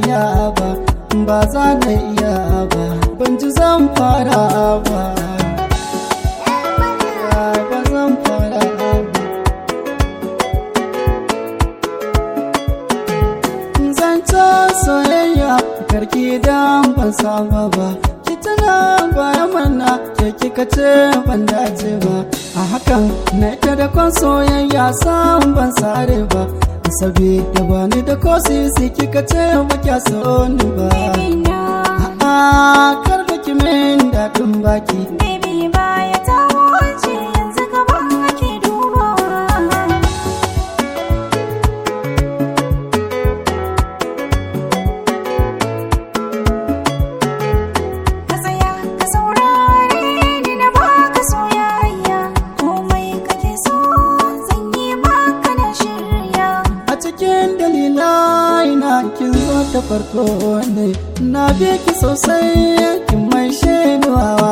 iya ba ba za na iya ba ban ji zan fara ba soyayya karki da ban saba ba ki tana baya mana ke kika ce ban dace ba a hakan na ita da kwan soyayya san ban sare ba da ba ni da ko si kika ce baki so ni ba a kar baki min dadin baki farko ne na bi ki sosai kin mai shenuwa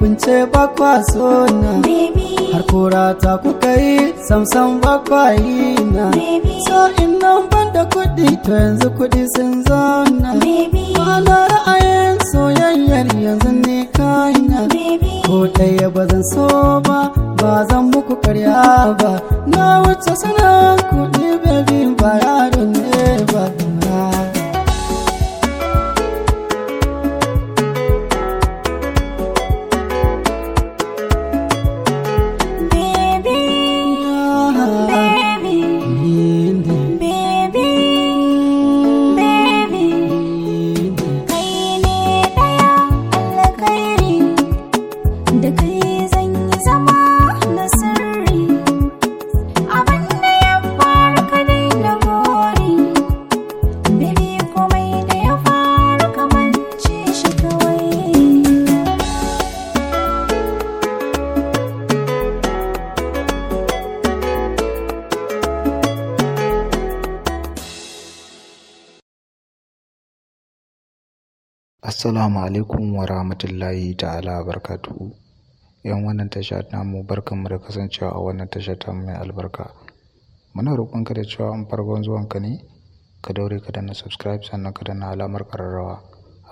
kunce bakwa har kora ta kuka yi samsam ba kwa yi na so in nan banda da kuɗi to yanzu kuɗi sun zauna Assalamu alaikum wa rahmatullahi ta'ala barkatu. Yan wannan tasha namu mu da kasancewa a wannan tasha ta mai albarka. Muna ka da cewa in farkon ka ne ka daure ka danna subscribe sannan ka na alamar ƙararrawa.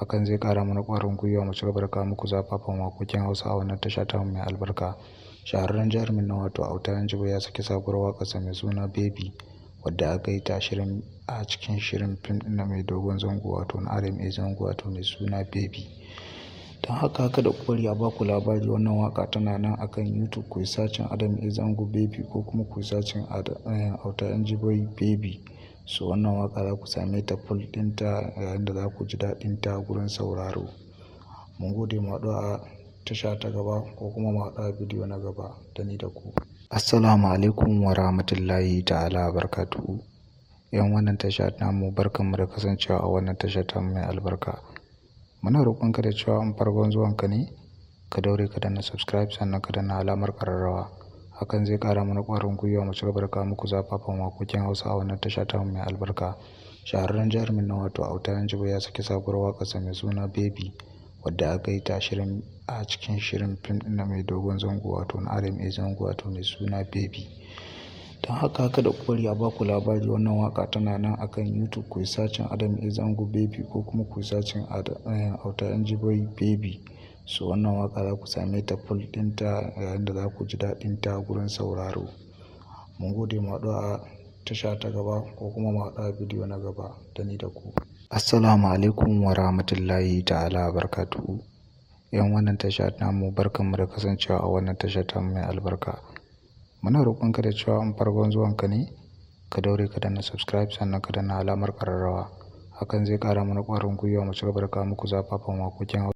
Hakan zai ƙara mana ƙwarin gwiwa mu cigaba da muku zafafan waƙoƙin Hausa a wannan tasha ta mai albarka. Shahararren jarumin na wato Auta Yanjibo ya saki sabuwar waƙarsa mai suna Baby. wadda aka yi ta shirin a cikin shirin fim ɗin mai dogon zango wato na RMA zango wato mai suna Baby. Don haka haka da kwari a baku labari wannan waka tana nan akan YouTube ku sacin Adam e zango Baby ko kuma ku sacin Auta eh, Boy Baby. su wannan waka za ku same ta full ɗinta yayin da za ku ji daɗin ta gurin sauraro. Mun gode mu a tasha ta gaba ko kuma mu bidiyo na gaba da ni da ku. Assalamu alaikum wa rahmatullahi ta'ala barkatu. ‘Yan wannan tasha namu mu da kasancewa a wannan tasha ta mai albarka. Muna ka da cewa in farkon ka ne, ka daure ka na subscribe sannan ka na alamar ƙararrawa. Hakan zai ƙara mana ƙwarin gwiwa mu cigaba da kawo muku zafafan waƙoƙin Hausa a wannan tasha ta mai albarka. Shahararren jarumin na wato Auta Yanjibo ya saki sabuwar waƙarsa mai suna Baby. wadda aka yi ta shirin a cikin shirin fim ɗin mai dogon zango wato na RMA zango wato mai suna Baby. Don haka haka da kwari a baku labari wannan waka tana nan akan YouTube ku sacin Adam A zango Baby ko kuma ku sacin Auta eh, Boy Baby. su wannan waka za ku same ta full ɗinta yayin da za ku ji daɗin ta gurin sauraro. Mun gode mu a tasha ta gaba ko kuma mu a bidiyo na gaba da ni da ku. Assalamu alaikum wa rahmatullahi ta'ala barkatu. ‘Yan wannan tasha namu barkanmu da kasancewa a wannan tasha ta mai albarka. Muna ka da cewa in farkon ka ne, ka daure ka na subscribe sannan ka na alamar ƙararrawa. Hakan zai ƙara mana ƙwarin gwiwa mu ci gaba da kawo muku zafafan wakokin